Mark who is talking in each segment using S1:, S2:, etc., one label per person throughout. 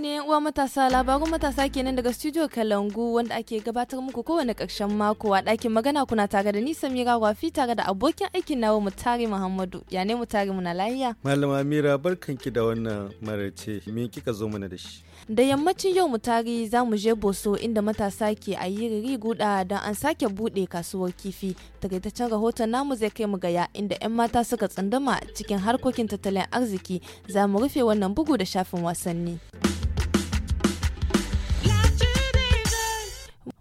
S1: ne uwa matasa labarun matasa kenan daga studio Kalangu wanda ake gabatar muku kowane ƙarshen mako a ɗakin magana kuna tare da nisan Samira Wafi tare da abokin aikin nawa Mutare Muhammadu. Ya ne Mutare muna lahiya?
S2: Malama Amira barkanki da wannan marace me kika zo mana da shi?
S1: Da yammacin yau mutari za mu je Boso inda matasa ke a yi riri guda don an sake buɗe kasuwar kifi. Takaitaccen rahoton namu zai kai mu gaya inda 'yan mata suka tsandama cikin harkokin tattalin arziki za mu rufe wannan bugu da shafin wasanni.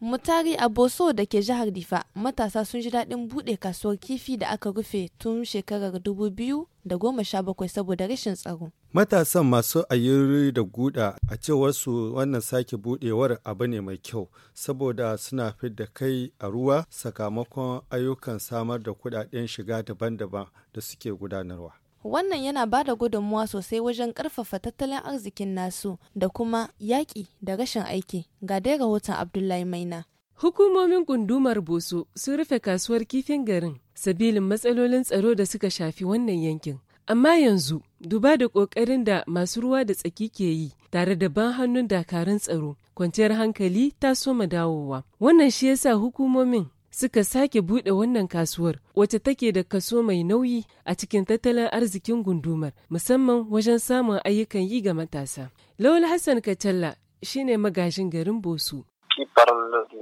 S1: Mutari a Boso da ke jihar Difa, matasa sun ji daɗin buɗe kasuwar kifi da aka rufe tun shekarar 2017 saboda rashin tsaro.
S2: Matasan masu ayyuri da guda a cewar su wannan sake buɗewar abu ne mai kyau saboda suna fidda kai a ruwa sakamakon ayyukan samar da kuɗaɗen shiga daban-daban da suke gudanarwa.
S1: Wannan yana ba da gudunmuwa sosai wajen karfafa tattalin arzikin nasu da kuma yaƙi da rashin aiki ga dai rahoton Abdullahi Maina.
S3: Hukumomin gundumar Boso sun rufe kasuwar kifin garin sabilin matsalolin tsaro da suka shafi wannan yankin. Amma yanzu, duba da ƙoƙarin da masu ruwa da tsaki ke yi tare da ban hannun dakarun tsaro, kwanciyar hankali ta soma dawowa. Wannan shi yasa hukumomin suka sake buɗe wannan kasuwar wacce take da kaso mai nauyi a cikin tattalin arzikin gundumar musamman wajen samun ayyukan yi ga matasa. Lawal Hassan Kacalla shine Magajin garin Bosu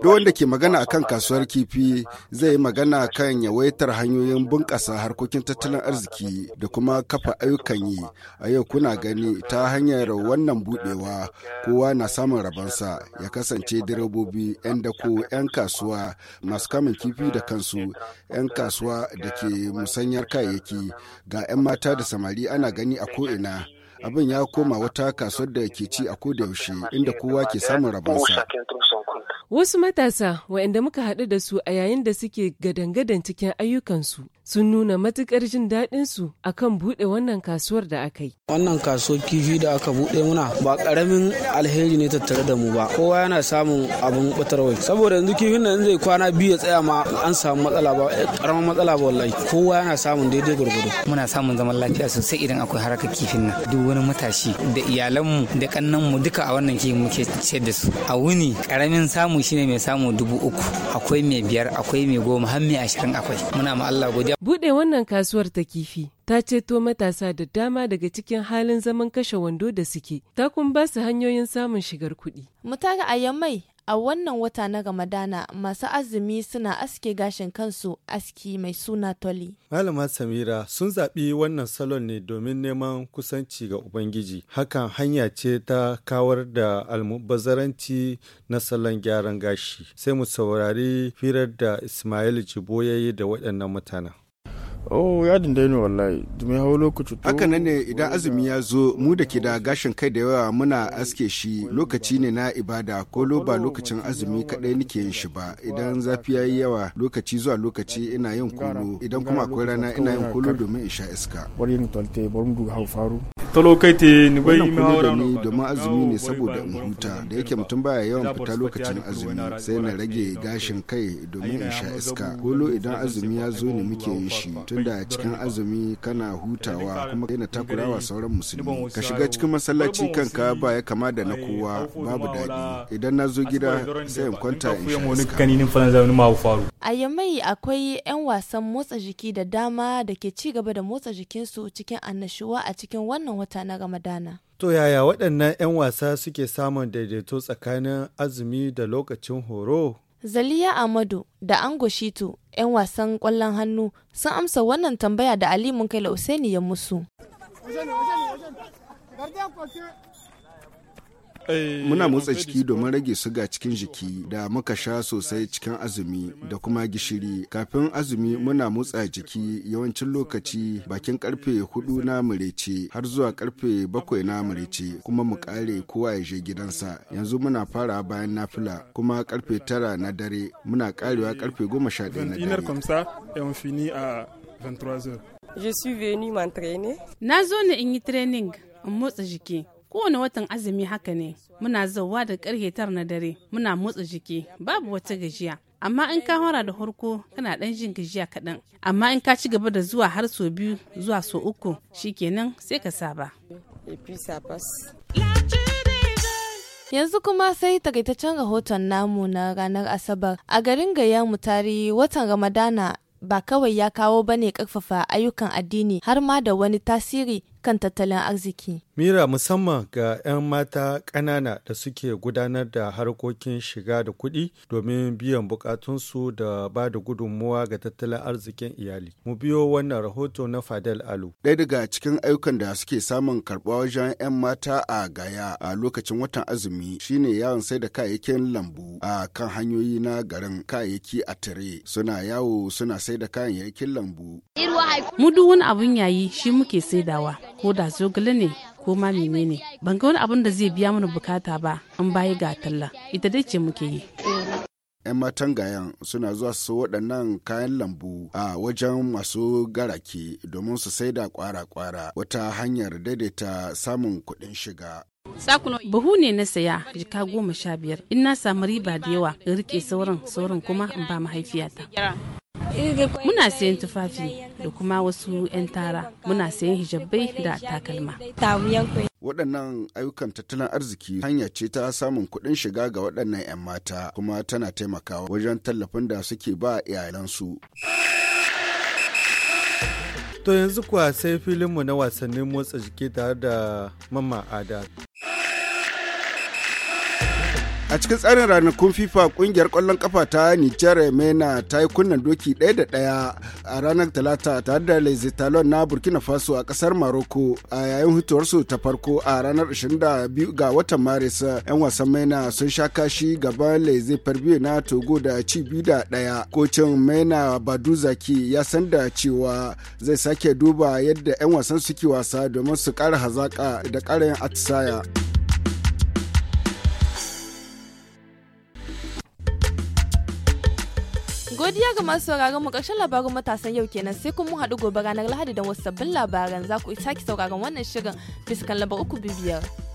S4: Duk wanda ke magana akan kasuwar kifi zai yi magana kan yawaitar hanyoyin bunƙasa harkokin tattalin arziki da kuma kafa ayyukan yi. A yau kuna gani ta hanyar wannan budewa kowa na samun rabansa ya kasance direbobi, 'yan dako, 'yan kasuwa masu kamun kifi da kansu, 'yan kasuwa da ke musanyar kayayyaki ga 'yan mata da samari ana gani a ko'ina. abin ya koma wata kasuwar da ke ci a koda yaushe inda kowa ke samun rabonsa.
S3: Wasu matasa waɗanda muka haɗu da su a yayin da suke gadangadan cikin ayyukansu sun nuna matukar jin daɗinsu a kan buɗe wannan kasuwar da aka yi.
S4: Wannan kasuwar kifi da aka buɗe muna ba ƙaramin alheri ne tattare da mu ba. Kowa yana samun abin ɓatarwai. Saboda yanzu kifin nan zai kwana biyu ya tsaya ma an samu matsala ba eh, ƙaramin matsala ba wallahi. Kowa yana samun daidai gwargwado.
S3: Muna samun zaman lafiya sosai idan akwai harakar kifin nan. Duk wani matashi da iyalanmu da ƙannanmu duka a wannan kifin muke ciyar da su. A wuni ƙaramin samu samu shine mai samu dubu uku akwai mai biyar akwai mai goma har mai ashirin akwai muna ma Allah godiya. bude wannan kasuwar ta kifi ta ceto matasa da dama daga cikin halin zaman kashe wando da suke ta kuma ba su hanyoyin samun shigar kuɗi.
S1: Mutare a yammai a wannan wata na Ramadana masu azumi suna aske gashin kansu aski mai suna toli.
S2: Malama Samira sun zaɓi wannan salon ne domin neman kusanci ga Ubangiji. Hakan hanya ce ta kawar da almubazaranci na salon gyaran gashi. Sai mu saurari firar da Ismail Jibo ya yi da waɗannan mutanen.
S4: Oh ya dinda ne wallahi dumi hau lokaci haka nan ne idan azumi ya zo mu da ke da gashin kai da yawa muna aske shi lokaci ne na ibada ko loba lokacin azumi kadai nake yin shi ba idan zafi yayi yawa lokaci zuwa lokaci ina yin kulo idan kuma akwai rana ina yin kulo domin in sha iska talokaite ni bai ma ni domin azumi ne saboda in huta da yake mutum baya yawan fita lokacin azumi sai na rage gashin kai domin in sha iska kulo idan azumi ya zo ne muke yin shi tunda a cikin azumi kana hutawa kuma takura wa sauran musulmi ka shiga cikin masallaci kanka ba ya kama da na kowa babu daɗi idan na zo gida sai in kwanta in sha
S1: a yamai akwai 'yan wasan motsa jiki da dama da ke ci gaba da motsa jikinsu cikin annashuwa a cikin wannan wata na ramadana
S2: To yaya waɗannan 'yan wasa suke samun daidaito tsakanin azumi da lokacin horo?
S1: Zaliya Amadu da Ango Shitu 'yan wasan ƙwallon hannu sun amsa wannan tambaya da Ali Munkaila Usaini ya musu.
S4: Muna eh, motsa ciki domin rage suga cikin jiki da muka sha sosai cikin azumi da kuma gishiri. Kafin azumi muna motsa jiki yawancin lokaci bakin karfe hudu na murece har zuwa karfe bakwai na murece kuma mu kare kowa ya je gidansa. Yanzu muna fara bayan nafila kuma karfe tara na dare muna karewa karfe goma sha ɗaya na dare.
S5: Je suis venu m'entraîner. Na zo ne in yi training in motsa jiki. kowane watan azumi haka ne muna zauwa da karhe tar na dare muna motsa jiki babu wata gajiya amma in ka hora da harko kana dan jin gajiya kaɗan amma in ka ci gaba da zuwa har so biyu zuwa so uku shikenan sai ka saba
S1: Yanzu kuma sai takaitaccen rahoton namu na ranar Asabar a garin Gaya Mutari watan Ramadana ba kawai ya kawo bane ne ƙarfafa ayyukan addini har ma da wani tasiri kan tattalin arziki.
S2: Mira musamman ga 'yan mata ƙanana da suke gudanar da harkokin shiga da kuɗi domin biyan bukatunsu da ba da gudunmuwa ga tattalin arzikin iyali. Mu biyo wannan rahoto na Fadel Alu.
S4: Ɗaya daga cikin ayyukan da suke samun karɓa wajen 'yan mata a Gaya a lokacin watan azumi shine yawon sai da kayayyakin lambu a kan hanyoyi na garin kayayyaki a tare suna yawo suna sai da kayayyakin lambu.
S5: Mu duk wani abun yayi shi muke saidawa. ko da zogale ne ko ma ne ban ga wani abin da zai biya mana bukata ba in bayi ga talla ita dai ce muke yi
S4: 'yan matan gayan suna zuwa su waɗannan kayan lambu a wajen masu garaki domin su sai da kwara-kwara wata hanyar daidaita samun kuɗin shiga.
S5: Buhu ne na saya jika goma sha biyar in na samu riba da yawa in rike sauran sauran kuma in ba mahaifiyata. muna sayan tufafi da kuma wasu 'yan tara muna sayan hijabbai da takalma
S4: waɗannan ayyukan tattalin arziki hanya ce ta samun kuɗin shiga ga waɗannan 'yan mata kuma tana taimakawa wajen tallafin da suke ba iyalansu
S2: to yanzu kuwa sai filinmu na wasannin motsa jiki tare da mamma ada
S4: A cikin tsarin ranakun FIFA kungiyar kwallon kafa ta Nijar Mena ta yi kunnan doki ɗaya da ɗaya a ranar Talata tare da Lezitalon na Burkina Faso a ƙasar Maroko a yayin hutuwarsu ta farko a ranar 22 ga watan Maris 'yan wasan Mena sun sha kashi gaban Lezi Perbiyo na Togo da ci biyu da ɗaya. Kocin Mena Baduzaki ya san da cewa zai sake duba yadda 'yan wasan suke wasa domin su kara hazaka da ƙara atisaya.
S1: Godiya ga masu sauraron mu ƙarshen labarin matasan yau kenan sai kuma haɗu gobe ranar Lahadi don wasu sabbin labaran za ku sake sauraron wannan shirin biskan lamba uku biyar.